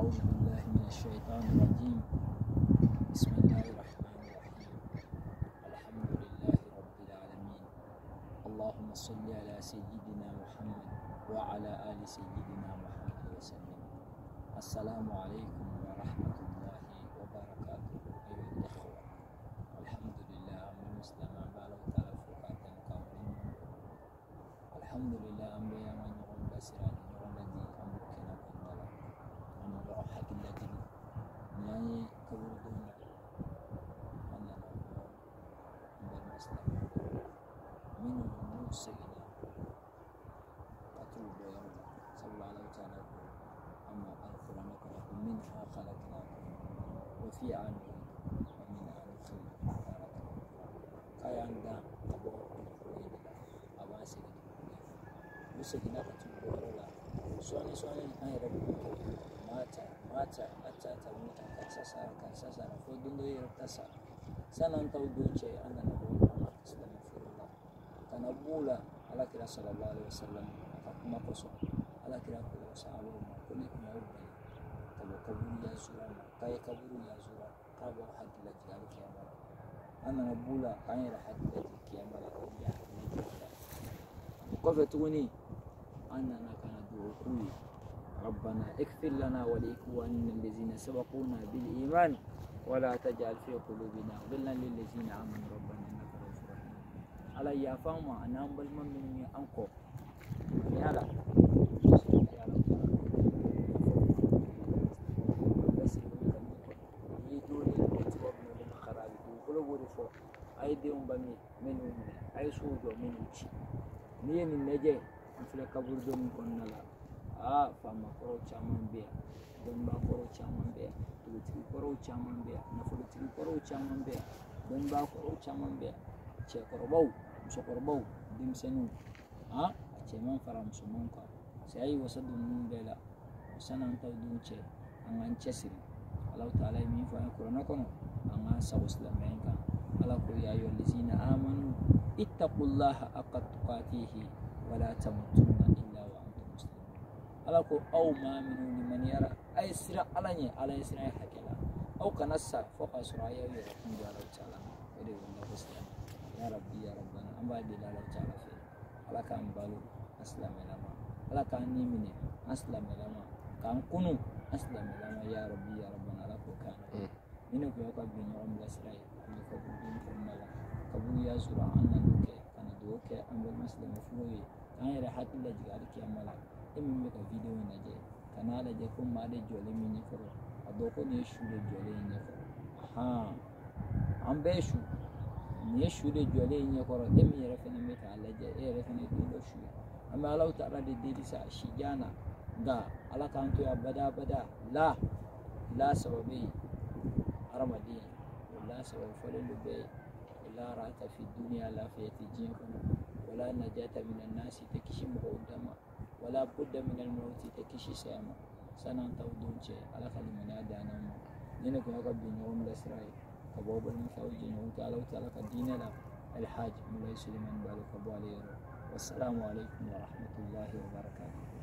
أعوذ بالله من الشيطان الرجيم بسم الله الرحمن الرحيم الحمد لله رب العالمين اللهم صل على سيدنا محمد وعلى آل سيدنا محمد وسلم السلام عليكم ورحمة الله وبركاته أيها الأخوة الحمد لله أمر مسلم بالغ تلفقات الحمد لله أمر يمن بسرا منها خلقناكم وفي عنكم ومن عنكم خلقناكم kayanda abo kulenda abasiri ni katuborola swale swale nayera mata mata acha tamuta kansasara kansasara fo dundo yera tasa sanan taw duce anda na bon Allah subhanahu kana bula ala kira sallallahu alaihi wasallam akuma koso ala kira ko sahabu ko ne kuma وكبروا يزورون كاي كبروا يزورون رابع حد لجل أنا نبولا كاي حد لجل الكيامة يا وقفت وني أننا كان دوكوي ربنا اغفر لنا ولإخواننا الذين سبقونا بالإيمان ولا تجعل في قلوبنا غلا للذين آمنوا ربنا إنك رؤوف رحيم على يا فاما أنا أمبل من أنكو يعني ayi denw ba min me n'u minɛ ah, ah, a ye sow jɔ me n'u ci n'i ye nin lajɛ n filɛ kaburidon min kɔnɔna la aa faama kɔrɔw caman bɛ yan dɔnniba kɔrɔw caman bɛ yan dugutigi kɔrɔw caman bɛ yan nafolotigi kɔrɔw caman bɛ yan dɔnniba kɔrɔw caman bɛ yan cɛkɔrɔbaw musokɔrɔbaw denmisɛnninw han a cɛman fara musomanw kan saya ye wasa don ninnu bɛɛ la sanni an taw dun cɛ an k'an cɛsiri alaw ta ala ye min fɔ an ye kuranɛ kɔnɔ an k'an sago silamɛ malaku ya ayyuhallazina amanu ittaqullaha haqqa tuqatihi wa la tamutunna illa wa antum muslimun alako aw ma minu yara ay sira alanye ala sira hakela aw kana sa foka suraya ya kun ya rabb taala wa ya rabbi ya rabbana amba de la rabb taala fe alaka ambalu aslama e lama alaka nimine aslama e lama kan kunu aslama e ya rabbi ya rabbana Mimi nakuweka kwenye ombi la Israeli kuliko kudinka mala kabu ya zura anna luke kana doke ambe muslim fuwe kana da hakil da jigar ki amala imin e me ka video na je kana da je kun ma da jole min ne furo aboko ne shu da jole ne furo ha an be shu ne shu da jole ne furo imin ya rafa ne me ka alaje e rafa ne do shu amma Allah ta'ala da dai sa shi jana ga alakanto ya bada bada la la sababi حرم دين ولا سوف للبي إلا رأت في الدنيا لا فيتجين ولا نجاة من الناس تكشي مقدم ولا بد من الموت تكشي سيما سنة تودون شيء على خلمنا دانما نينكم رب نوم الإسرائيل كبوب المفوج نوم تعالوا تعالى الدين لا الحاج مولاي سليمان بالك أبو علي والسلام عليكم ورحمة الله وبركاته